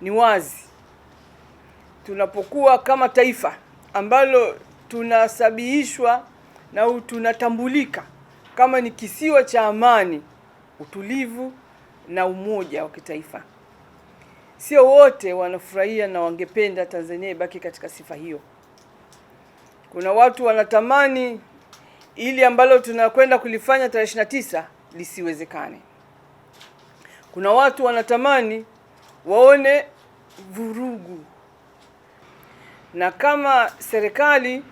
ni wazi, tunapokuwa kama taifa ambalo tunasabihishwa na tunatambulika kama ni kisiwa cha amani, utulivu na umoja wa kitaifa. Sio wote wanafurahia na wangependa Tanzania ibaki katika sifa hiyo. Kuna watu wanatamani ili ambalo tunakwenda kulifanya tarehe 29 lisiwezekane. Kuna watu wanatamani waone vurugu, na kama serikali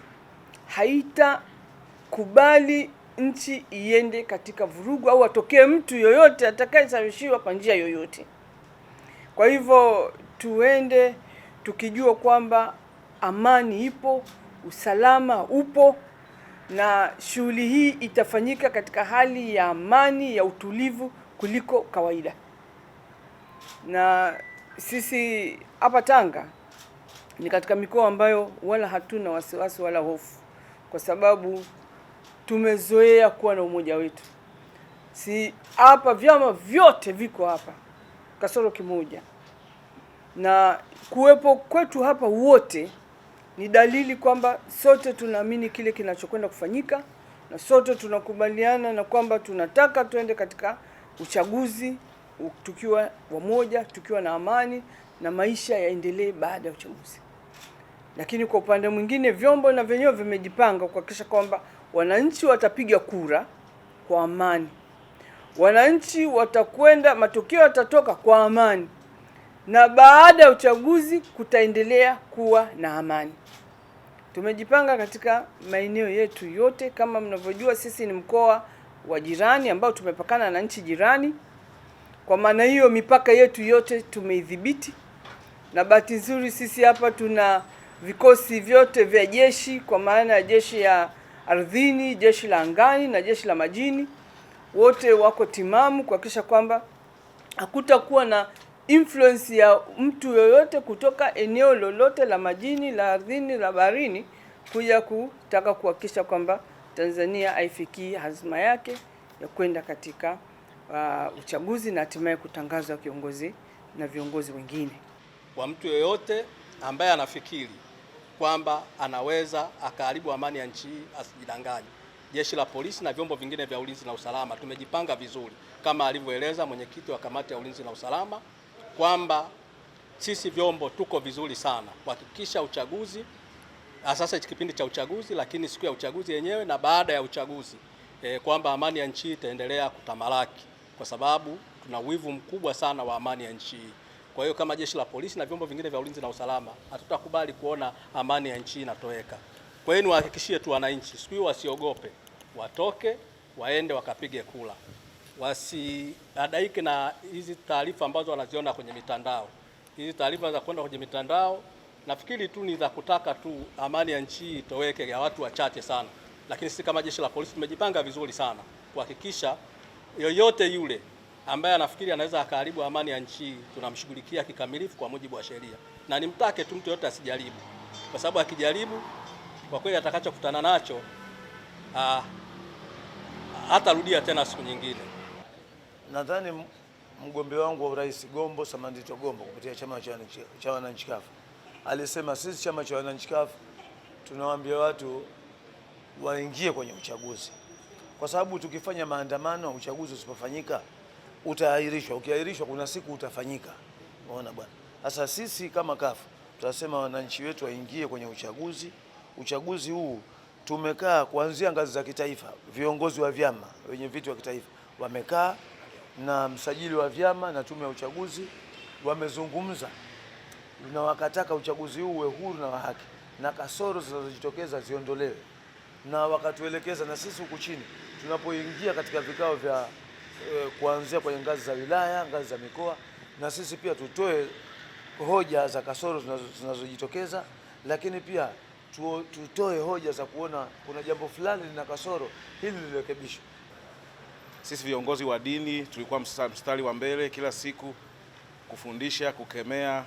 haitakubali nchi iende katika vurugu au atokee mtu yoyote atakayeshawishiwa kwa njia yoyote. Kwa hivyo tuende tukijua kwamba amani ipo, usalama upo, na shughuli hii itafanyika katika hali ya amani ya utulivu kuliko kawaida na sisi hapa Tanga ni katika mikoa ambayo wala hatuna wasiwasi wala hofu, kwa sababu tumezoea kuwa na umoja wetu. Si hapa vyama vyote viko hapa kasoro kimoja, na kuwepo kwetu hapa wote ni dalili kwamba sote tunaamini kile kinachokwenda kufanyika na sote tunakubaliana na kwamba tunataka tuende katika uchaguzi tukiwa wamoja, tukiwa na amani na maisha yaendelee baada ya uchaguzi. Lakini kwa upande mwingine, vyombo na vyenyewe vimejipanga kuhakikisha kwamba wananchi watapiga kura kwa amani, wananchi watakwenda, matokeo yatatoka kwa amani, na baada ya uchaguzi kutaendelea kuwa na amani. Tumejipanga katika maeneo yetu yote. Kama mnavyojua, sisi ni mkoa wa jirani ambao tumepakana na nchi jirani. Kwa maana hiyo mipaka yetu yote tumeidhibiti, na bahati nzuri sisi hapa tuna vikosi vyote vya jeshi, kwa maana ya jeshi ya ardhini, jeshi la angani na jeshi la majini, wote wako timamu kuhakikisha kwamba hakutakuwa na influence ya mtu yoyote kutoka eneo lolote la majini, la ardhini, la baharini kuja kutaka kuhakikisha kwamba Tanzania haifikii hazima yake ya kwenda katika uh, uchaguzi na hatimaye kutangazwa kiongozi na viongozi wengine. Kwa mtu yeyote ambaye anafikiri kwamba anaweza akaharibu amani ya nchi hii asijidanganye. Jeshi la polisi na vyombo vingine vya ulinzi na usalama tumejipanga vizuri, kama alivyoeleza mwenyekiti wa kamati ya ulinzi na usalama kwamba sisi vyombo tuko vizuri sana kuhakikisha uchaguzi sasa kipindi cha uchaguzi, lakini siku ya uchaguzi yenyewe na baada ya uchaguzi eh, kwamba amani ya nchi itaendelea kutamalaki kwa sababu tuna wivu mkubwa sana wa amani ya nchi hii. Kwa hiyo kama jeshi la polisi na vyombo vingine vya ulinzi na usalama hatutakubali kuona amani ya nchi inatoweka. Kwa hiyo niwahakikishie tu wananchi, siku wasiogope, watoke waende wakapige kula, wasiadaike na hizi taarifa ambazo wanaziona kwenye mitandao. Hizi taarifa za kwenda kwenye mitandao nafikiri tu ni za kutaka tu amani ya nchi itoweke ya watu wachache sana, lakini sisi kama jeshi la polisi tumejipanga vizuri sana kuhakikisha yoyote yule ambaye anafikiri anaweza akaharibu amani ya nchi hii tunamshughulikia kikamilifu kwa mujibu wa sheria, na nimtake tu mtu yoyote asijaribu, kwa sababu akijaribu, kwa kweli atakachokutana nacho ah, hatarudia tena siku nyingine. Nadhani mgombea wangu wa urais Gombo Samandito Gombo kupitia chama cha wananchi kafu alisema, sisi chama cha wananchi kafu tunawaambia watu waingie kwenye uchaguzi kwa sababu tukifanya maandamano, uchaguzi usipofanyika utaahirishwa, ukiahirishwa kuna siku utafanyika. Unaona bwana. Sasa sisi kama kafu tunasema wananchi wetu waingie kwenye uchaguzi. Uchaguzi huu tumekaa kuanzia ngazi za kitaifa, viongozi wa vyama, wenye viti wa kitaifa wamekaa na msajili wa vyama na tume ya uchaguzi wamezungumza, na wakataka uchaguzi huu uwe huru na wa haki na kasoro zinazojitokeza ziondolewe, na wakatuelekeza na sisi huku chini tunapoingia katika vikao vya e, kuanzia kwenye ngazi za wilaya, ngazi za mikoa, na sisi pia tutoe hoja za kasoro zinazojitokeza, lakini pia tutoe hoja za kuona kuna jambo fulani lina kasoro, hili lirekebishwe. Sisi viongozi wa dini tulikuwa mstari wa mbele kila siku kufundisha, kukemea,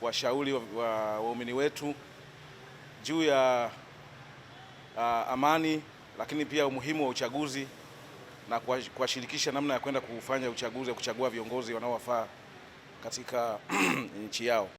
kuwashauri waumini wa, wa wetu juu ya uh, amani lakini pia umuhimu wa uchaguzi na kuwashirikisha namna ya kwenda kufanya uchaguzi wa kuchagua viongozi wanaowafaa katika nchi yao.